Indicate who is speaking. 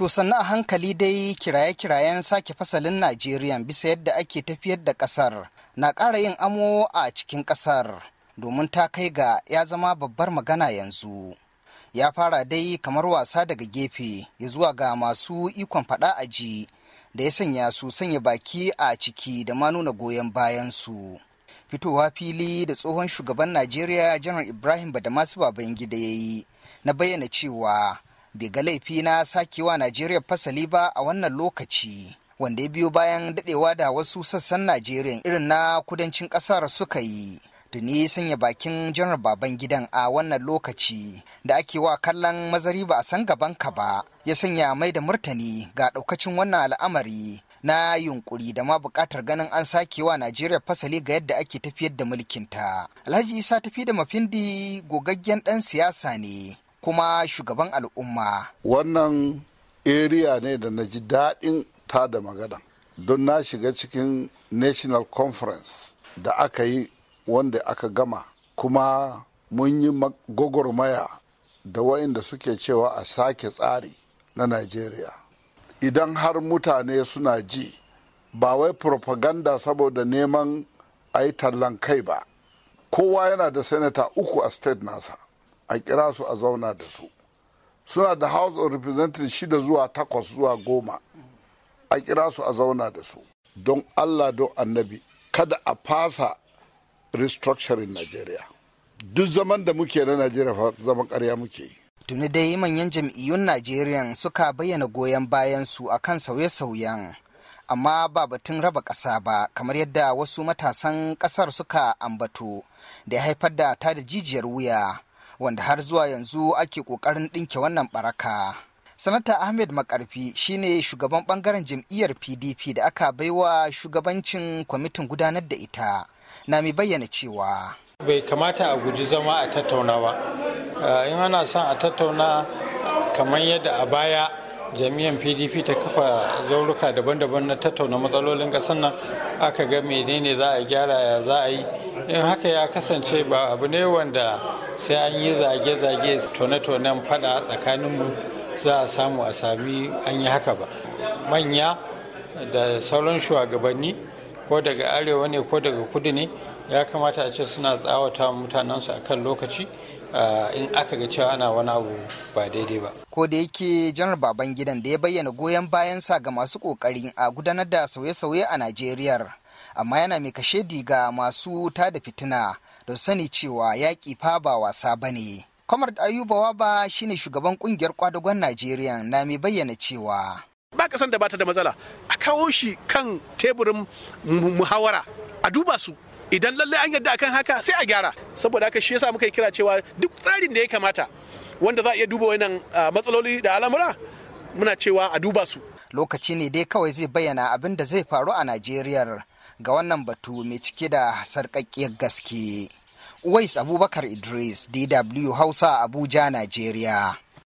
Speaker 1: To sannu a hankali dai kiraye-kirayen sake fasalin Najeriya bisa yadda ake tafiyar da ƙasar na ƙara yin amo a cikin ƙasar domin ta kai ga ya zama babbar magana yanzu. Ya fara dai kamar wasa daga gefe ya zuwa ga masu ikon faɗa aji da ya sanya su sanya baki a ciki da ma nuna goyon bayansu. Fitowa fili da tsohon shugaban Najeriya Janar Ibrahim Badamasu Babangida ya yi na bayyana cewa bai ga laifi na sakewa Najeriya fasali ba a wannan lokaci. Wanda ya biyo bayan daɗewa da wasu sassan Najeriya irin na kudancin ƙasar suka yi. Tuni sanya bakin janar baban gidan a wannan lokaci da ake wa kallon mazari ba a san gaban ka ba ya sanya mai da murtani ga ɗaukacin wannan al'amari na yunkuri da ma bukatar ganin an sake wa Najeriya fasali ga yadda ake tafiyar da mulkinta. Alhaji Isa tafi da mafindi gogaggen ɗan siyasa ne kuma shugaban al'umma
Speaker 2: wannan area ne da na ji daɗin ta da magana don na shiga cikin national conference da aka yi wanda aka gama kuma mun yi gwagwarmaya da wa'inda suke cewa a sake tsari na nigeria idan har mutane suna ji ba wai propaganda saboda neman a yi tallan kai ba kowa yana da senata uku a state nasa a kira su a zauna da su suna da house of representatives shida zuwa takwas zuwa goma a kira su a zauna da su don allah don annabi kada a fasa restructuring nigeria duk zaman da
Speaker 1: muke na nigeria fa zaman karya muke yi tuni dai manyan jam'iyyun nigeria suka bayyana goyon bayan su akan sauye-sauyen amma ba batun raba ƙasa ba kamar yadda wasu matasan ƙasar suka ambato da ya haifar da tada jijiyar wuya wanda har zuwa yanzu ake ƙoƙarin ɗinke wannan baraka. sanata ahmed makarfi shine shugaban bangaren jam'iyyar pdp da aka baiwa shugabancin kwamitin gudanar da ita na mai bayyana cewa
Speaker 3: bai kamata a guji zama a tattauna ba ah, in ana son a tattauna kamar yadda a baya jami'an pdp ta kafa zauruka daban-daban na tattauna matsalolin ƙasar nan aka ga menene za a gyara ya za a yi in haka ya kasance ba abu ne wanda sai an yi zage-zage tone-tonen fada tsakaninmu za a samu a sami an yi haka ba manya da sauran shugabanni ko daga arewa ne ko daga kudu ne ya kamata a ce suna tsawata mutanensu kan lokaci in aka ga cewa ana wani abu ba daidai ba.
Speaker 1: Ko da yake janar baban gidan da ya bayyana goyon bayan sa ga masu kokari a gudanar da sauye-sauye a Najeriya. Amma yana mai kashe diga masu da fitina da sani cewa yaƙi fa ba wasa ba ne. Kwamar Ayuba ba shine shugaban kungiyar kwadagon Najeriya na mai bayyana cewa. ba kasan da bata da matsala a kawo shi kan teburin muhawara a duba su idan lalle an yadda akan haka sai a gyara saboda haka shi yasa muka yi kira cewa duk tsarin da ya kamata wanda za a iya duba wannan ah, matsaloli da al'amura muna cewa a duba su lokaci ne dai kawai zai bayyana abin da zai faru a Najeriya ga wannan batu mai cike da sarƙaƙƙiyar gaske Uwais Abubakar Idris, DW Hausa, Abuja, Najeriya.